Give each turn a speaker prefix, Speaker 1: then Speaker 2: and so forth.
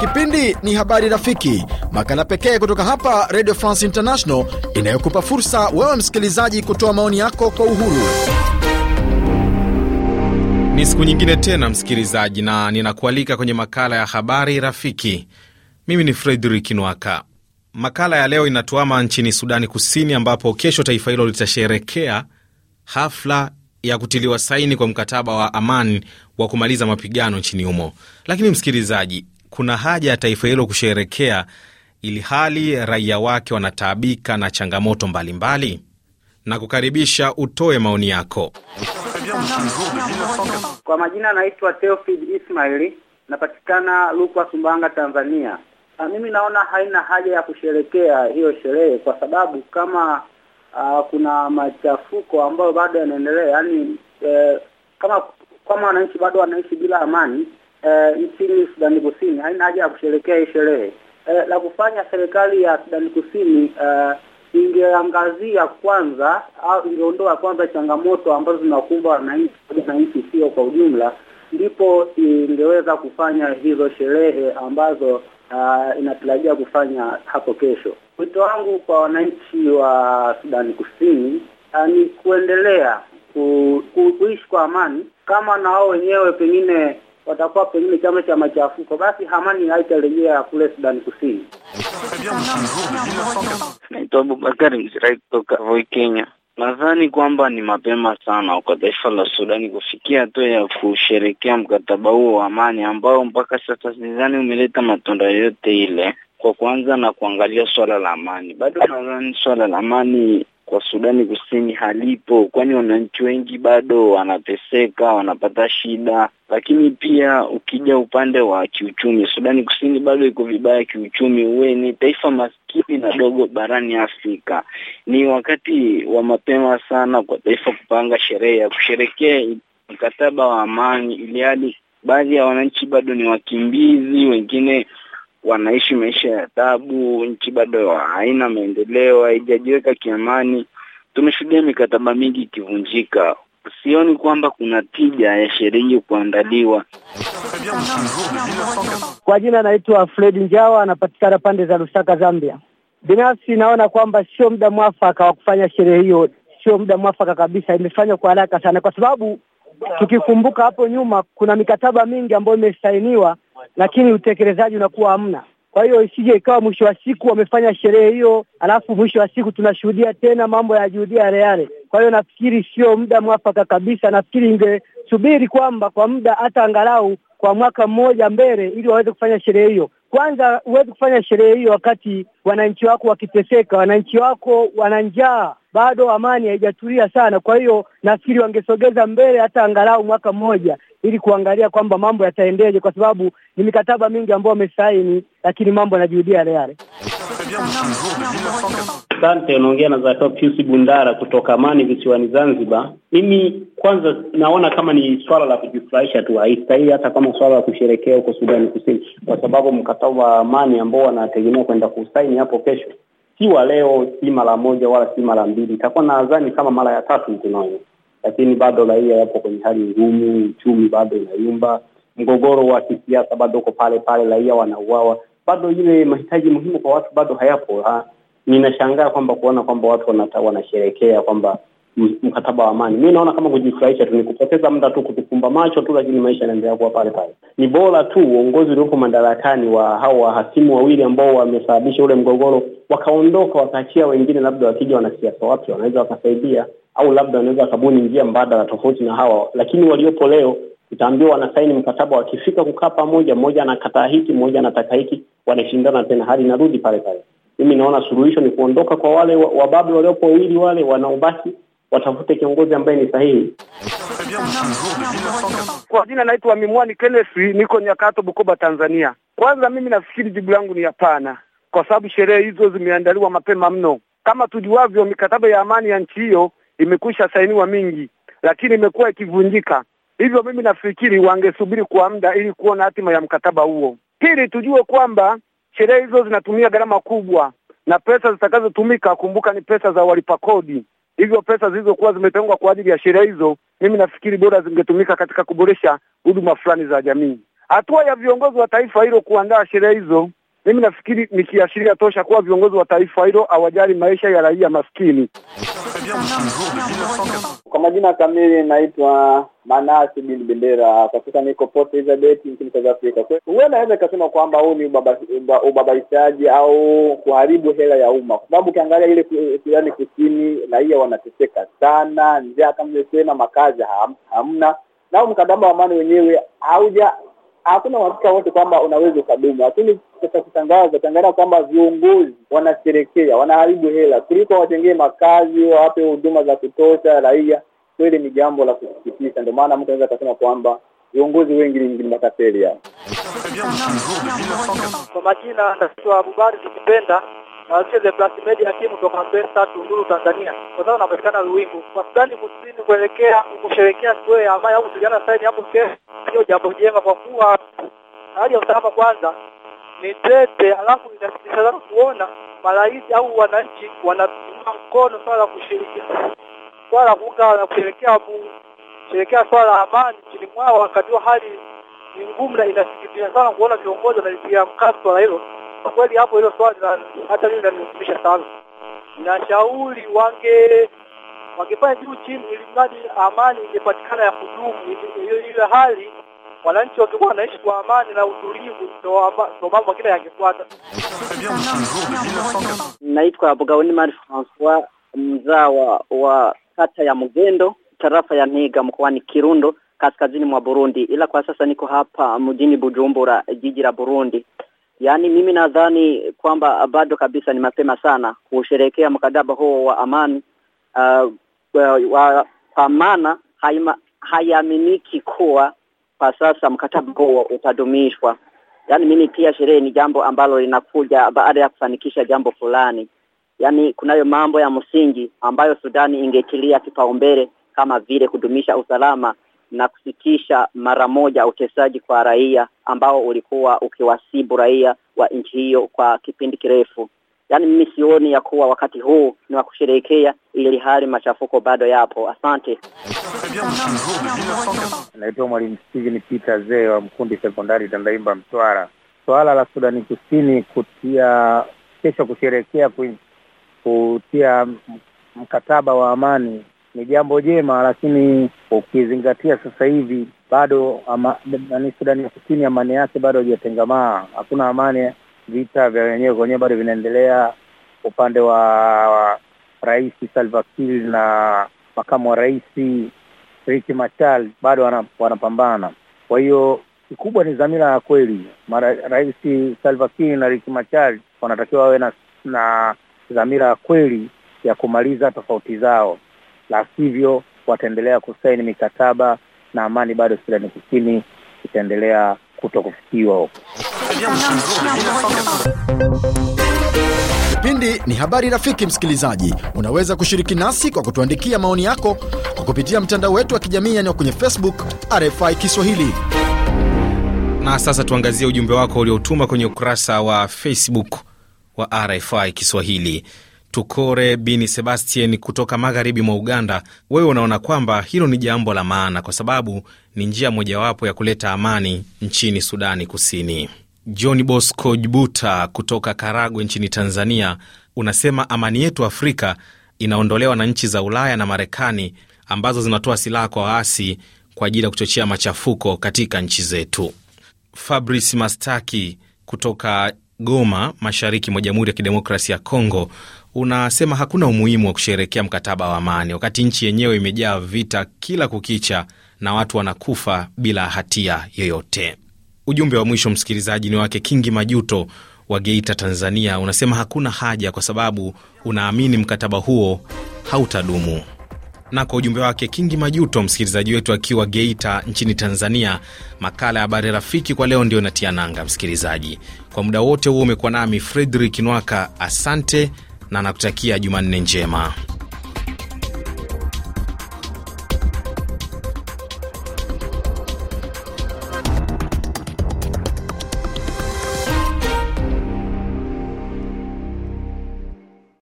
Speaker 1: Kipindi ni Habari Rafiki, makala pekee kutoka hapa Radio France International inayokupa fursa wewe msikilizaji kutoa maoni yako kwa uhuru. Ni siku nyingine tena msikilizaji, na ninakualika kwenye makala ya Habari Rafiki. Mimi ni Fredrik Nwaka. Makala ya leo inatuama nchini Sudani Kusini, ambapo kesho taifa hilo litasherekea hafla ya kutiliwa saini kwa mkataba wa amani wa kumaliza mapigano nchini humo. Lakini msikilizaji, kuna haja ya taifa hilo kusherekea ili hali raia wake wanataabika na changamoto mbalimbali mbali? na kukaribisha utoe maoni yako.
Speaker 2: Kwa majina anaitwa Theofid Ismaili, napatikana Lukwa, Sumbanga, Tanzania. mimi naona haina haja ya kusherekea hiyo sherehe kwa sababu kama uh, kuna machafuko ambayo bado yanaendelea, yani eh, kama kama wananchi bado wanaishi bila amani eh, nchini Sudani Kusini, haina haja ya kusherekea hii sherehe eh, la kufanya serikali ya Sudani Kusini eh, ingeangazia kwanza au ingeondoa kwanza changamoto ambazo zinakumba wananchi na nchi sio kwa ujumla, ndipo ingeweza kufanya hizo sherehe ambazo uh, inatarajia kufanya hapo kesho. Wito wangu kwa wananchi wa Sudani Kusini ah, ni kuendelea ku, ku, kuishi kwa amani. Kama na wao wenyewe pengine watakuwa pengine chama cha machafuko, basi amani haitarejea kule
Speaker 3: Sudani Kusini. Naitwa Abubakari Mzirai kutoka Voi, Kenya. Nadhani kwamba ni mapema sana kwa taifa la Sudani kufikia hatua ya kusherekea mkataba huo wa amani ambao mpaka sasa sidhani umeleta matunda yoyote ile kwa kwanza na kuangalia swala la amani. Bado nadhani swala la amani kwa Sudani Kusini halipo, kwani wananchi wengi bado wanateseka, wanapata shida. Lakini pia ukija upande wa kiuchumi, Sudani Kusini bado iko vibaya kiuchumi. Uwe ni taifa maskini na dogo barani Afrika, ni wakati wa mapema sana kwa taifa kupanga sherehe ya kusherekea mkataba wa amani, ili hali baadhi ya wananchi bado ni wakimbizi, wengine wanaishi maisha ya tabu nchi bado haina maendeleo, haijajiweka kiamani. Tumeshuhudia mikataba mingi ikivunjika. Sioni kwamba kuna tija ya sherehe kuandaliwa.
Speaker 2: Kwa jina anaitwa Fred Njawa, anapatikana pande za Lusaka, Zambia. Binafsi naona kwamba sio muda mwafaka wa kufanya sherehe hiyo, sio muda mwafaka kabisa. Imefanywa kwa haraka sana, kwa sababu tukikumbuka hapo nyuma kuna mikataba mingi ambayo imesainiwa lakini utekelezaji unakuwa hamna. Kwa hiyo isije ikawa mwisho wa siku wamefanya sherehe hiyo, alafu mwisho wa siku tunashuhudia tena mambo juhudia yale yale. Kwa hiyo nafikiri sio muda mwafaka kabisa. Nafikiri ingesubiri kwamba kwa muda hata angalau kwa mwaka mmoja mbele, ili waweze kufanya sherehe hiyo. Kwanza huwezi kufanya sherehe hiyo wakati wananchi wako wakiteseka, wananchi wako wana njaa, bado amani haijatulia sana. Kwa hiyo nafikiri wangesogeza mbele hata angalau mwaka mmoja, ili kuangalia kwamba mambo yataendeje, kwa sababu ni mikataba mingi ambayo wamesaini, lakini mambo yanajirudia yale yale.
Speaker 4: Asante, unaongea na Zakayo Piusi Bundara kutoka Amani visiwani Zanzibar. Mimi kwanza naona kama ni swala la kujifurahisha tu, haistahili hata kama swala la kusherekea huko Sudani Kusini, kwa sababu mkataba wa amani ambao wanategemea kwenda kusaini hapo kesho si wa leo, si mara moja wala si mara mbili, itakuwa na kama mara ya tatu mtunaonya lakini bado raia yapo kwenye hali ngumu, uchumi bado unayumba, mgogoro wa kisiasa bado uko pale pale, raia wanauawa, bado ile mahitaji muhimu kwa watu bado hayapo ha. Ninashangaa kwamba kuona kwamba watu wanata, wanasherekea kwamba mkataba wa amani. Mi naona kama kujifurahisha tu, ni kupoteza muda tu, kutufumba macho tu, lakini maisha yanaendelea kuwa pale pale. Ni bora tu uongozi uliopo madarakani wa hao wahasimu wawili ambao wamesababisha ule mgogoro wakaondoka, wakaachia wengine, labda wakija wanasiasa wapya wanaweza wakasaidia au labda wanaweza wakabuni njia mbadala tofauti na hawa, lakini waliopo leo utaambiwa wanasaini mkataba, wakifika kukaa pamoja, mmoja anakataa hiki, mmoja anataka hiki, wanashindana tena, hali inarudi pale pale. Mimi naona suluhisho ni kuondoka kwa wale wababe waliopo wawili, wale wanaobaki watafute kiongozi ambaye ni sahihi. Kwa jina naitwa Mimwani Kenneth, niko Nyakato, Bukoba, Tanzania. Kwanza mimi nafikiri jibu langu ni hapana, kwa sababu sherehe hizo zimeandaliwa mapema mno. Kama tujuavyo, mikataba ya amani ya nchi hiyo imekwisha sainiwa mingi, lakini imekuwa ikivunjika. Hivyo mimi nafikiri wangesubiri kwa muda ili kuona hatima ya mkataba huo. Pili, tujue kwamba sherehe hizo zinatumia gharama kubwa na pesa zitakazotumika, kumbuka, ni pesa za walipa kodi. Hivyo pesa zilizokuwa zimetengwa kwa ajili ya sherehe hizo, mimi nafikiri bora zingetumika katika kuboresha huduma fulani za jamii. Hatua ya viongozi wa taifa hilo kuandaa sherehe hizo mimi nafikiri ni kiashiria tosha kuwa viongozi wa taifa hilo hawajali maisha ya raia maskini. Kwa majina kamili naitwa Manasi Bili Bendera, kwa sasa niko Port Elizabeth nchini South Africa. Huyo naweza ikasema kwamba huu ni ubabaishaji au kuharibu hela ya umma, kwa sababu ukiangalia ile Sudani Kusini raia wanateseka sana, njaa kama nimesema, makazi hamna, nao mkataba wa amani wenyewe hauja hakuna uhakika wote kwamba unaweza ukadumu, lakini sasa kutangaza tangaza kwamba viongozi wanasherekea, wanaharibu hela kuliko watengee makazi, wawape huduma za kutosha raia, kweli ni jambo la kusikitisha. Ndio maana mtu anaweza akasema kwamba viongozi wengi ni matapeli.
Speaker 2: Kwa majina naitwa Abubakar Kipenda zile Blast Media timu kutoka Mpesa, Tunduru, Tanzania. Kwa sasa unapatikana Ruingu kwa sababu Kusini kuelekea kusherehekea siku ya amani au kujana sasa hapo kesho. Hiyo jambo jema kwa kuwa hali ya usalama kwanza ni tete, alafu inasikitisha sana kuona marais au wananchi wanatunga mkono swala la kushiriki swala kuunga na kusherekea kusherekea swala la amani chini mwao, wakati hali ni ngumu na inasikitisha sana kuona viongozi wanalitia mkazo swala hilo. Kwa kweli hapo hilo swali hata mimi linanisikitisha sana. Nashauri wange wangefanya juu chini, ili mradi amani ingepatikana ya kudumu, ile hali wananchi wangekuwa wanaishi kwa amani na utulivu, ndo mambo mengine yangefuata.
Speaker 4: Naitwa Bugauni Mari Francois, mzaa wa kata ya Mugendo, tarafa ya Ntega, mkoani Kirundo, kaskazini mwa Burundi, ila kwa sasa niko hapa mjini Bujumbura, jiji la Burundi. Yaani mimi nadhani kwamba bado kabisa ni mapema sana kusherehekea mkataba huo wa amani uh, wa, kwa maana haiaminiki kuwa kwa sasa mkataba huo utadumishwa. Yaani mimi pia sherehe ni jambo ambalo linakuja baada ya kufanikisha jambo fulani. Yaani kunayo mambo ya msingi ambayo Sudani ingetilia kipaumbele kama vile kudumisha usalama na kusitisha mara moja utesaji kwa raia ambao ulikuwa ukiwasibu raia wa nchi hiyo kwa kipindi kirefu. Yaani mimi sioni ya kuwa wakati huu ni wa kusherehekea, ili hali machafuko bado yapo.
Speaker 2: Asante. Naitwa Mwalimu Steven Peter Zee wa Mkundi Sekondari Tandaimba, Mtwara. Swala la Sudani Kusini kutia kesho kusherehekea kutia mkataba wa amani ni jambo jema, lakini ukizingatia sasa hivi bado ni Sudani ya Kusini amani yake bado haijatengamaa, hakuna amani. Vita vya wenyewe kwa wenyewe bado vinaendelea upande wa, wa Rais Salva Kiir na makamu wa rais Riek Machar bado wanapambana. Kwa hiyo kikubwa ni dhamira ya kweli, Rais Salva Kiir na Riek Machar wanatakiwa wawe na dhamira ya kweli ya kumaliza tofauti zao la sivyo wataendelea kusaini mikataba na amani bado Sudani Kusini itaendelea kutokufikiwa.
Speaker 1: Kipindi ni habari. Rafiki msikilizaji, unaweza kushiriki nasi kwa kutuandikia maoni yako kwa kupitia mtandao wetu wa kijamii yaani kwenye Facebook RFI Kiswahili. Na sasa tuangazie ujumbe wako uliotuma kwenye ukurasa wa Facebook wa RFI Kiswahili. Tukore Bini Sebastian kutoka magharibi mwa Uganda, wewe unaona kwamba hilo ni jambo la maana kwa sababu ni njia mojawapo ya kuleta amani nchini Sudani Kusini. John Bosco Jbuta kutoka Karagwe nchini Tanzania unasema amani yetu Afrika inaondolewa na nchi za Ulaya na Marekani ambazo zinatoa silaha kwa waasi kwa ajili ya kuchochea machafuko katika nchi zetu. Fabrice Mastaki kutoka Goma, mashariki mwa Jamhuri ya Kidemokrasia ya Kongo, unasema hakuna umuhimu wa kusherekea mkataba wa amani wakati nchi yenyewe imejaa vita kila kukicha na watu wanakufa bila hatia yoyote. Ujumbe wa mwisho msikilizaji ni wake Kingi Majuto wa Geita, Tanzania. Unasema hakuna haja kwa sababu unaamini mkataba huo hautadumu. Na kwa ujumbe wake Kingi Majuto, msikilizaji wetu akiwa Geita nchini Tanzania, makala ya habari rafiki kwa leo ndio inatia nanga. Msikilizaji, kwa muda wote huo umekuwa nami Fredrik Nwaka, asante na nakutakia Jumanne njema.